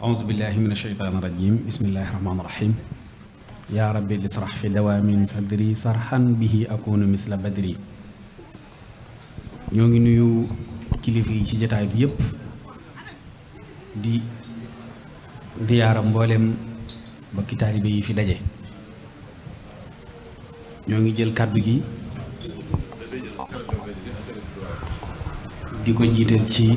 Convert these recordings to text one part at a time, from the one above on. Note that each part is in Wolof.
أعوذ بالله من الشيطان الرجيم بسم الله الرحمن الرحيم يا ربي لصرح في دوام صدري صرحا به أكون مثل بدري نيوغي نيو كليفي شي جتاي دي ديار مبولم بكي تاليبي في دجي نيوغي جيل كادو جي ديكو جيتل شي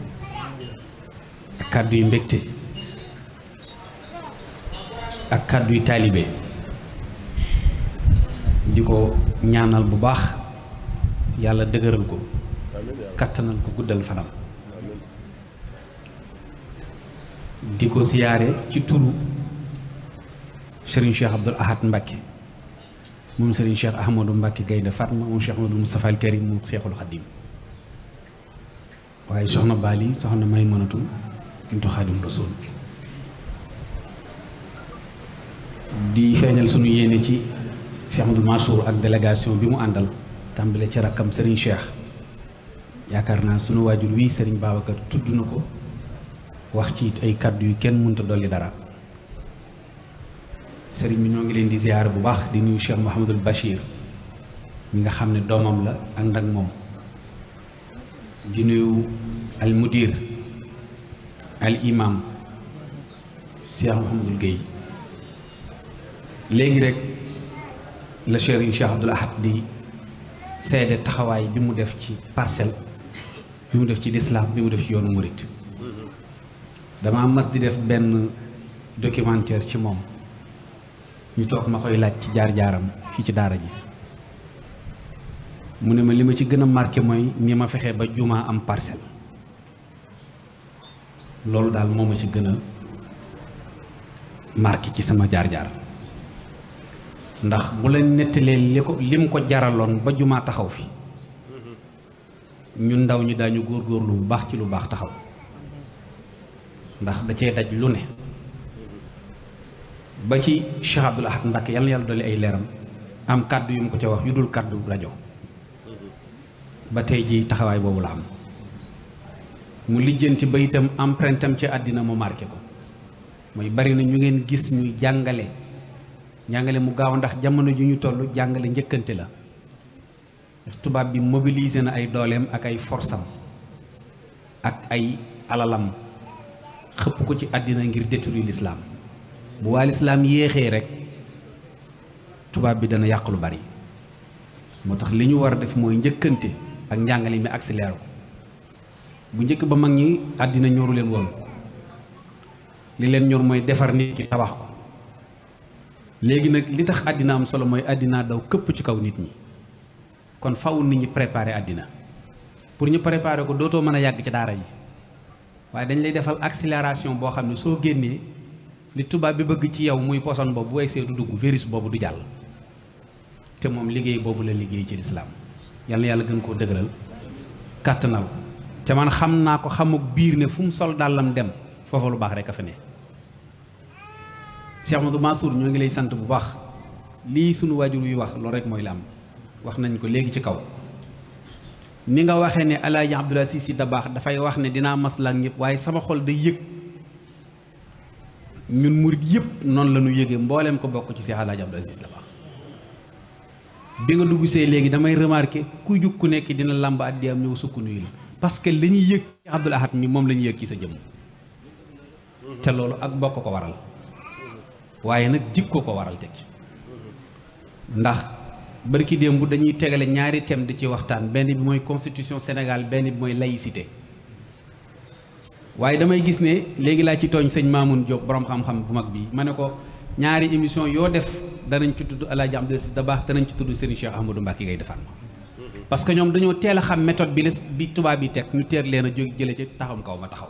kàddu yu mbégte ak kàddu yu taalibe di ko ñaanal bu baax yàlla dëgëral ko kattanal ko guddal fanam di ko siyaare ci turu Serigne Cheikh Abdoul Ahad Mbacke moom Serigne Cheikh Ahmadou Mbacke Gaynde Fatma moom Cheikh Ahmadou Moustapha al Karim moom Cheikhul Khadim waaye soxna Bali soxna May mënatul bintu xaadim rasul di feeñal sunu yéene ci Cheikh Amadou Mansour ak délégation bi mu àndal tàmbale ci rakkam Serigne Cheikh yaakaar naa suñu waajur wii Serigne Babacar tudd na ko wax ci ay kàddu yu kenn mënta dolli dara Serigne bi ñoo ngi leen di ziar bu baax di nuy Cheikh Mouhamadul Bachir mi nga xam ne doomam la ànd ak moom di nuyu al al imam Cheikh Mouhamadul Guèye léegi rek la Serigne Cheikh Abdoul Ahad di seede taxawaay bi mu def ci parcelle bi mu def ci lislaam bi mu def ci yoonu murit dama mas di def benn documentaire ci moom ñu toog ma koy laaj ci jaar-jaaram fii ci daara ji mu ne ma li ma ci gën a marqué mooy ni ma fexe ba jumaa am parcelle loolu daal moom ma ci gën a marqué ci sama jaar-jaar ndax bu la nettalee li ko lim ko jaraloon ba jumaa taxaw fi ñu ndaw ñi daañu góorgóorlu bu baax ci lu baax taxaw ndax da cee daj lu ne ba ci Cheikh Abdoul Ahad Mbacké yal na yàlla dolli ay leeram am kàddu yu mu ko ca wax yu dul kàddu rajo ba tey ji taxawaay boobu la am mu lijjanti ba itam empreinte am ci àddina mu marqué ko mooy bari na ñu ngeen gis ñuy jàngale jàngale mu gaaw ndax jamono ju ñu toll jàngale njëkkante la tubaab bi mobilise na ay dooleem ak ay forsam ak ay alalam xëpp ko ci àddina ngir détruire lislaam bu waa lislaam yéexee rek tubaab bi dana yàq lu bari moo tax li ñu war a def mooy njëkkante ak njàngale mi accéléré ko bu ñëk ba mag ñi àddina ñoru leen woon li leen ñor mooy defar nit ki tabax ko léegi nag li tax àddina am solo mooy àddina daw këpp ci kaw nit ñi kon faw nit ñi préparer àddina pour ñu préparer ko dootoo mën a yàgg ci daara yi waaye dañ lay defal accélération boo xam ne soo génnee li tubaab bi bëgg ci yow muy poson boobu bu egsee du dugg virus boobu du jàll te moom liggéey boobu la liggéey ci lislaam yàlla yàlla gën koo dëgëral kàttanal te man xam naa ko xamuk biir ne fu mu sol dàllam dem foofa lu baax rek a fa ne Cheikh Amadou Mansour ñoo ngi lay sant bu baax lii sunu waajur yu wax loolu rekk mooy la am wax nañ ko léegi ci kaw ni nga waxee ne alaaji Abdou Aziz Sy Dabakh dafay wax ne dinaa maslaak ñëpp waaye sama xol day yëg ñun murit yëpp noonu la ñu yëgee mbooleem ko bokk ci Cheikh alaaji Abdou Aziz Sy Dabakh bi nga dugg léegi damay remarqué ku jug ku nekk dina làmb addiyaam ñëw sukk nuyu la parce que li ñuy yëg ci Abdoul Ahad mi moom la ñuy yëg ci sa jëmm te loolu ak bokk ko waral waaye nag jikko ko waral teg ndax barki démb dañuy tegale ñaari tem di ci waxtaan benn bi mooy constitution Sénégal benn bi mooy laïcité waaye damay gis ne léegi laa ci tooñ sëñ Mamoun Diop borom xam-xam bu mag bi ma ne ko ñaari émission yoo def danañu ci tudd El Hadj Abdoul Aziz Dabakh danañ ci tudd Serigne Cheikh Ahmadou Mbacké ngay defaan ma parce que ñoom dañoo teel a xam méthode bi les bi tubaab yi teg ñu teer leen jóg jële ci taxam kaw ma taxaw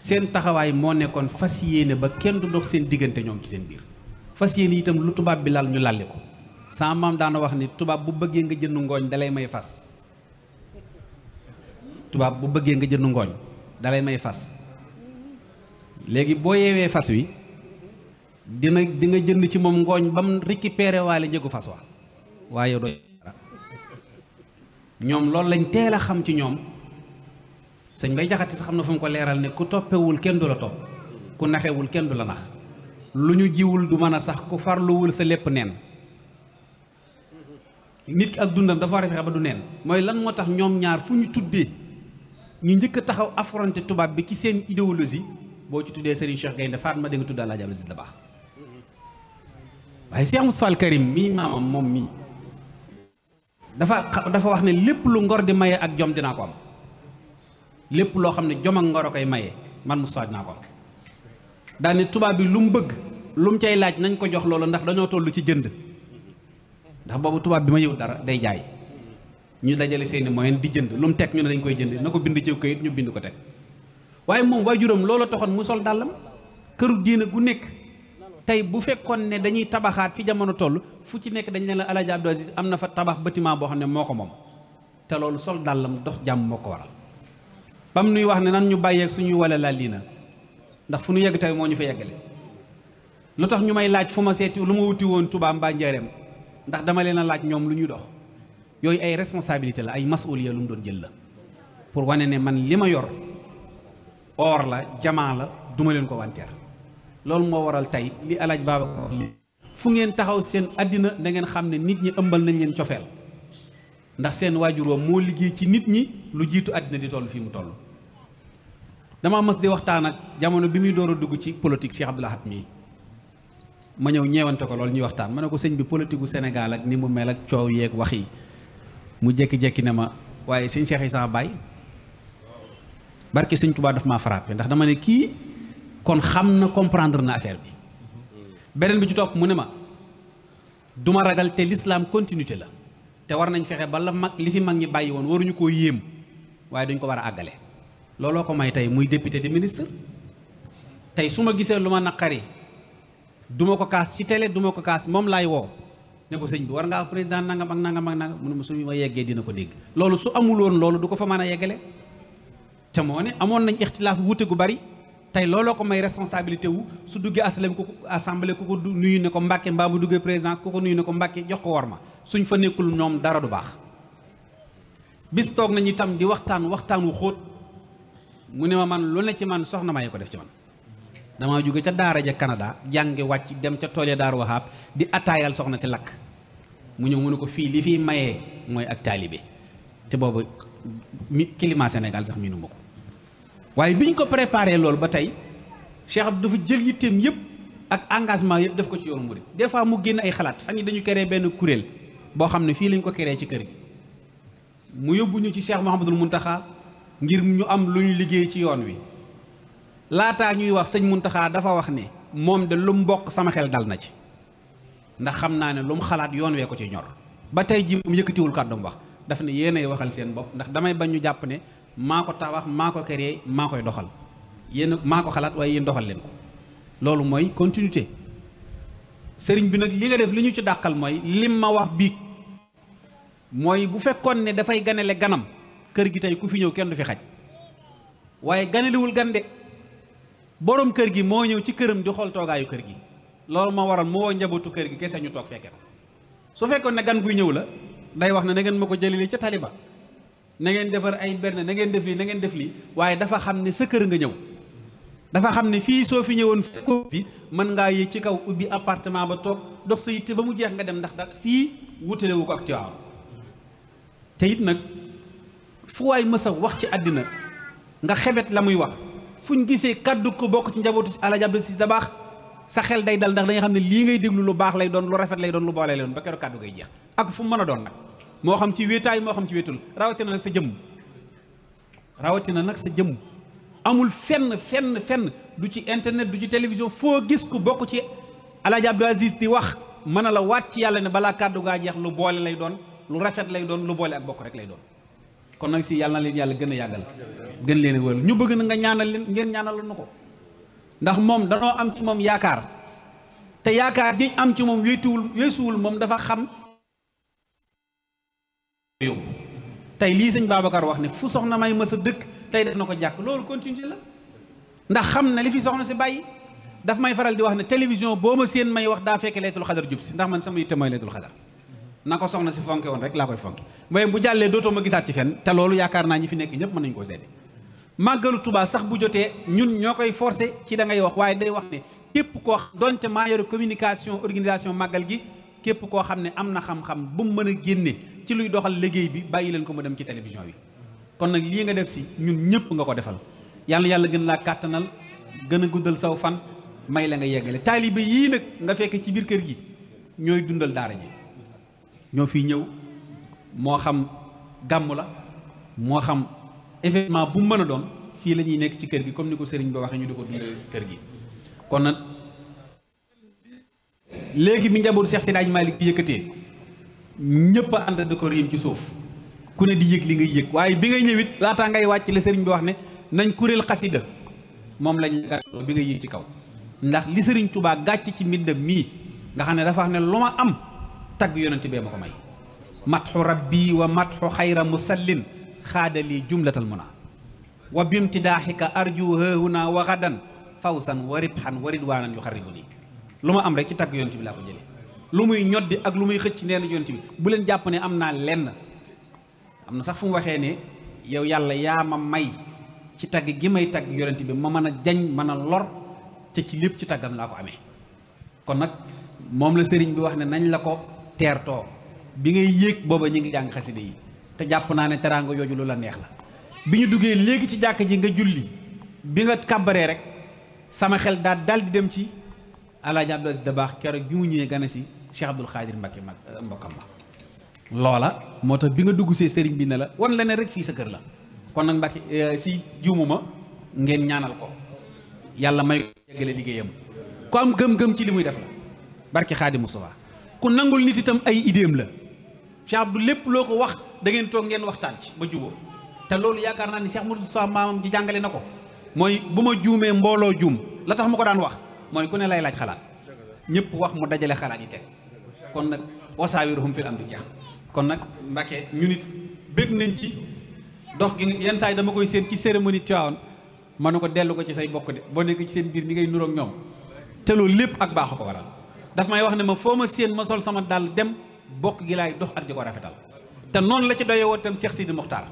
seen taxawaay moo nekkoon fas yéene ba kenn du dox seen diggante ñoom ci seen biir fas yéene itam lu tubaab bi lal ñu lalli ko sama maam daana wax ni tubaab bu bëggee nga jënd ngooñ dalay may fas tubaab bu bëggee nga jënd ngooñ dalay may fas léegi boo yeewee fas wi dina di nga jënd ci moom ngooñ ba mu récupéré waale njëgu fas wa waaye doo ñoom loolu lañ teel a xam ci ñoom sëñ bay jaxati sax xam na fu mu ko leeral ne ku toppewul kenn du la topp ku naxewul kenn du la nax lu ñu jiwul du mën a sax ku farluwul sa lépp neen nit ki ak dundam dafa war ba du neen mooy lan moo tax ñoom ñaar fu ñu tuddee ñu njëkk taxaw affronté tubaab bi ci seen idéologie boo ci tuddee Serigne Cheikh Gaynde Fatma da nga tudd Alaaji si Aziz baax waaye Cheikh Moussa Al Karim mii maamam moom mii dafa dafa wax ne lépp lu ngor di maye ak jom dinaa ko am lépp loo xam ne jom ak ngor a koy maye man Moustapha dinaa ko am daane tubaab bi lu mu bëgg lu mu cay laaj nañ ko jox loolu ndax dañoo toll ci jënd ndax boobu tubaab bi ma yëw dara day jaay ñu dajale seeni moyen di jënd lu mu teg ñu ne dañ koy jënd na ko bind ci kayit ñu bind ko teg waaye moom juróom loolu taxoon mu sol dàllam këru diine gu nekk tey bu fekkoon ne dañuy tabaxaat fi jamono toll fu ci nekk dañu leen la Alaaji Abdou am na fa tabax bâtiment boo xam ne moo ko moom te loolu sol dàllam dox jàmm moo ko waral bam nuy wax ne nan ñu bàyyeeg suñuy wala laa lii na ndax fu nu yegg tey moo ñu fa yeggale lu tax ñu may laaj fu ma seeti lu ma wuti woon tubaam mbaa Njaareem ndax dama leen laaj ñoom lu ñuy dox yooyu ay responsabilité la ay masuuliya lu mu doon jël la pour wane ne man li ma yor or la jamaa la duma leen ko wanteer loolu moo waral tey li alaaj Babacar fu ngeen taxaw seen àddina dangeen xam ne nit ñi ëmbal nañ leen cofeel ndax seen waajur wa moo liggéey ci nit ñi lu jiitu àddina di toll fii mu toll dama mës di waxtaan ak jamono bi muy door a dugg ci politique Cheikh Abdoul Ahad mii ma ñëw ñeewante ko loolu ñuy waxtaan ma ne ko sëñ bi politique gu Sénégal ak ni mu mel ak coow yeeg wax yi mu jékki-jékki ne ma waaye sëñ Cheikh Issa Baye barke sëñ Touba daf maa frappé ndax dama ne kii kon xam na comprendre na affaire bi beneen bi ci topp mu ne ma duma ragal te lislaam continuté la te war nañ fexe ba la mag li fi mag ñi bàyyi woon waruñu koo yéem waaye duñ ko war a àggale looloo ko may tey muy député di ministre tey su ma gisee lu ma naqari duma ko kaas ci télé duma ko kaas moom laay woo ne ko sëñ bi war ngaa président nanga ak nanga ak nangam mu ne ma suñu ma yeggee dina ko dégg loolu su amul woon loolu du ko fa mën a yeggale te moo ne amoon nañ ixtilaaf wuute gu bari tey looloo ko may responsabilité wu su duggee aslem ku assemblée ku ko nuyu ne ko mbàkke mbaa bu duggee présidence ku ko nuyu ne ko mbàkke jox ko war ma suñ fa nekkul ñoom dara du baax bis toog nañu itam di waxtaan waxtaan wu xóot mu ne ma man lu ne ci man soxna maa ko def ci man damaa jóge ca daara ja Canada jànge wàcc dem ca tool ya daar waxaab di attaayal soxna si lakk mu ñëw mu ne ko fii li fiy mayee mooy ak taalibe te boobu mi climat Sénégal sax miinu ma ko waaye bi ñu ko préparé loolu ba tey Cheikh Abdou dafa jël yitteem yëpp ak engagement yëpp def ko ci yoon murid des fois mu génn ay xalaat fan yi dañu créé benn kuréel boo xam ne fii lañ ko créé ci kër gi mu yóbbu ñu ci Cheikh Mouhamadul Mountakha ngir ñu am lu ñu liggéey ci yoon wi laata ñuy wax sëñ Mountakha dafa wax ne moom de lu mu bokk sama xel dal na ci ndax xam naa ne lu mu xalaat yoon wee ko ci ñor ba tey ji mu yëkkatiwul kàddoom wax daf ne yéenay waxal seen bopp ndax damay bañ ñu jàpp ne maa ko tabax maa ko créé maa koy doxal yéen maa ko xalaat waaye yéen doxal leen ko loolu mooy continuité sëriñ bi nag li nga def li ñu ci dàqal mooy lim ma wax biig mooy bu fekkoon ne dafay ganale ganam kër gi tey ku fi ñëw kenn du fi xaj waaye ganaliwul gan de boroom kër gi moo ñëw ci këram di xool toogaayu kër gi loolu moo waral moo njabootu kër gi kese ñu toog fekke ko su fekkoon ne gan guy ñëw la day wax ne na ngeen ma ko jëlile ca taliba na ngeen defar ay benn na ngeen def lii nangeen def lii waaye dafa xam ne sa kër nga ñëw dafa xam ne fii soo fi ñëwoon ko fi mën ngaa yéeg ci kaw ubbi appartement ba toog dox sa yitte ba mu jeex nga dem ndax da fii wutalewu ko ak Tiwaawan te yit nag fu waay mës wax ci àddina nga xebet la muy wax fuñ gisee kàddu ko bokk ci njabootu Alaaji Abdu Si Dabaax sa xel day dal ndax da nga xam ne lii ngay déglu lu baax lay doon lu rafet lay doon lu boole ba keroog kàddu ngay jeex ak fu mu mën a doon nag moo xam ci wéetaay moo xam ci wéetul rawatina nag sa jëmm rawatina nag sa jëmm amul fenn fenn fenn du ci internet du ci télévision foo gis ku bokk ci alaaji Abdou Aziz di wax mën na la waat ci yàlla ne balaa kàddu gaa jeex lu boole lay doon lu rafet lay doon lu boole ak bokk rek lay doon kon nag si yàlla na leen yàlla gën a yàggal gën leen a wër ñu bëgg na nga ñaanal leen ngeen ñaanaloon ko ndax moom danoo am ci moom yaakaar te yaakaar jiñ am ci moom wéetuwul weesuwul moom dafa xam yóbbu tey lii sëñ Babacar wax ne fu soxna may mës a dëkk tey def na ko jàkk loolu continuité la ndax xam na li fi soxna si bàyyi daf may faral di wax ne télévision boo ma seen may wax daa fekk laytul xadar jub si ndax man sama yitte mooy laytul xadar na ko soxna si fonke woon rek laa koy fonke mais bu jàllee dootoo ma gisaat ci fenn te loolu yaakaar naa ñi fi nekk ñëpp mën nañu koo seede màggalu Tuubaa sax bu jotee ñun ñoo koy forcé ci dangay ngay wax waaye day wax ne képp koo xam donte maa yor communication organisation màggal gi képp koo xam ne am na xam-xam bu mu mën a génnee ci luy doxal liggéey bi bàyyi leen ko mu dem ci télévision bi kon nag lii nga def si ñun ñëpp nga ko defal yàlla yàlla gën laa kàttanal gën a guddal saw fan may la nga yeggale taalibe yii nag nga fekk ci biir kër gi ñooy dundal daara ji ñoo fiy ñëw moo xam gàmm la moo xam événement bu mu mën a doon fii la ñuy nekk ci kër gi comme ni ko sëriñ ba waxee ñu di ko dundal kër gi kon léegi bi njabootu Cheikh Seydi Hadji Malick di yëkkatee ñëpp a ànd di ko riim ci suuf ku ne di yëg li ngay yëg waaye bi ngay ñëwit laataa ngay wàcc la sëriñ bi wax ne nañ kuréel xasida moom lañ gàttoo bi ngay yëg ci kaw ndax li sëriñ Touba gàcc ci mbindam mii nga xam ne dafa wax ne lu ma am tagg yonent bee ma ko may matxu rabbi wa matxu xayra musallin xaadali jumlatal muna wa bimtidaaxika arju hahuna wa gadan fawsan wa ribxan wa ridwaanan yu xaribu nii lu ma am rek ci tàgg yonent bi laa ko jëlee lu muy ñoddi ak lu muy xëcc nee na yonent bi bu leen jàpp ne am naa lenn am na sax fu mu waxee ne yow yàlla yaa ma may ci tàgg gi may tagg yonent bi ma mën a jañ mën a lor te ci lépp ci tàggam laa ko amee kon nag moom la sëriñ bi wax ne nañ la ko teer teertoo bi ngay yéeg booba ñu ngi jàng xaside yi te jàpp naa ne teraanga yooyu lu la neex la bi ñu duggee léegi ci jàkk ji nga julli bi nga kàbbaree rek sama xel daal dal di dem ci alaaji Abdou Aziz Dabaax keroog bi mu ñëwee gane si Cheikh Abdoul Xaadir Mbacke mag euh, mbokkam la loola moo tax bi nga dugg see sëriñ bi ne la wan la ne rek fii sa kër la kon nag Mbacke euh, si juumuma ngeen ñaanal ko yàlla may yeggale liggéeyam ku am gëm-gëm ci li muy def la barke Xaadimu Mustafaa ku nangul nit itam ay idéem la Cheikh lépp loo ko wax da ngeen toog ngeen waxtaan ci ba juboo te loolu yaakaar naa ni Cheikh Mustafaa maamam ji jàngale na ko mooy bu ma juumee mbooloo juum la tax ma ko daan wax mooy ku ne lay laaj xalaat ñëpp wax mu dajale xalaat yi teg kon nag wasaawiruhum fil am du jeex kon nag Mbacke ñu nit bëgg nañ ci dox gi yenn saa yi dama koy séen ci cérémonie Tivaouane ma ne ko dellu ko ci say bokk de boo nekk ci seen biir ni ngay nuroog ñoom te loolu lépp ak baax ko waral daf may wax ne ma foo ma séen ma sol sama dàll dem bokk gi laay dox ak di ko rafetal te noonu la ci doyewoo itam Cheikh Sidi Mokhtar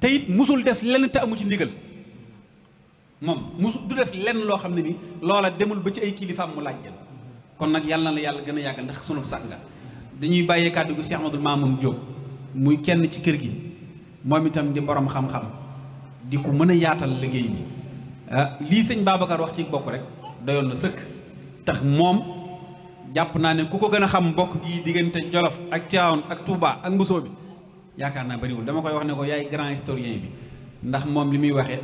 te it musul def lenn te amu ci ndigal moom musu du def lenn loo xam ne ni loola demul ba ci ay kilifaam mu laaj leen kon nag yàlla na la yàlla gën a yàggal ndax sunu sax nga dañuy bàyyee kàddu gu Cheikh Ahmadou Mamoun Diop muy kenn ci kër gi moom itam di boroom xam-xam di ko mën a yaatal liggéey bi ah, lii sëñ baabakar wax ci bokk rek doyoon na sëkk tax moom jàpp naa ne ku ko gën a xam bokk gi diggante Jolof ak Tivaouane ak tuubaa ak Mbusoo bi yaakaar naa bëriwul dama koy wax ne ko yaay grand historien bi ndax moom li muy waxee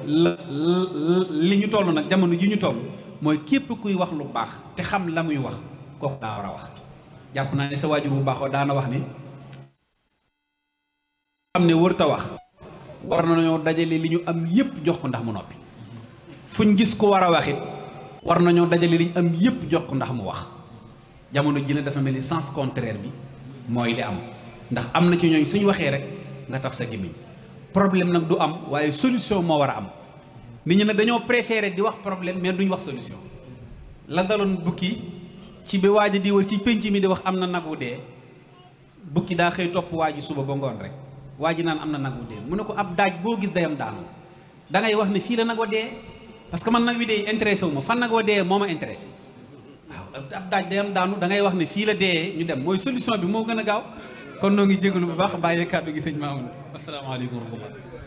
li ñu toll nag jamono ji ñu toll mooy képp kuy wax lu baax te xam la muy wax kooku daa war a wax jàpp naa ne sa waajur bu baaxoo daana wax ni xam ne wër ta wax war nañoo dajale li ñu am yépp jox ko ndax mu noppi fuñ gis ko war a waxit war nañoo dajale li ñu am yépp jox ko ndax mu wax jamono ji la dafa mel ni sens contraire bi mooy li am ndax am na ci ñooñ suñu waxee rek nga taf sa gémmiñ problème nag du am waaye solution moo war a am nit ñi nag dañoo préféré di wax problème mais duñ wax solution la daloon bukki ci bi waaj a di wax ci pénc mi di wax am na nag wu dee bukki daa xëy topp waa ji suba ba ngoon rek waa ji naan am na nag wu dee mu ne ko ab daaj boo gis dayam daanu da ngay wax ne fii la nag wa dee parce que man nag wi dee intéressé wu ma fan nag wa dee moo ma intéressé waaw ab daaj dayam daanu da ngay wax ne fii la dee ñu dem mooy solution bi moo gën a gaaw kon noo ngi jégalu bu baax bàyyee kàddu gi sëñ Mamoune asalaamaaleykum wa rahmatulah.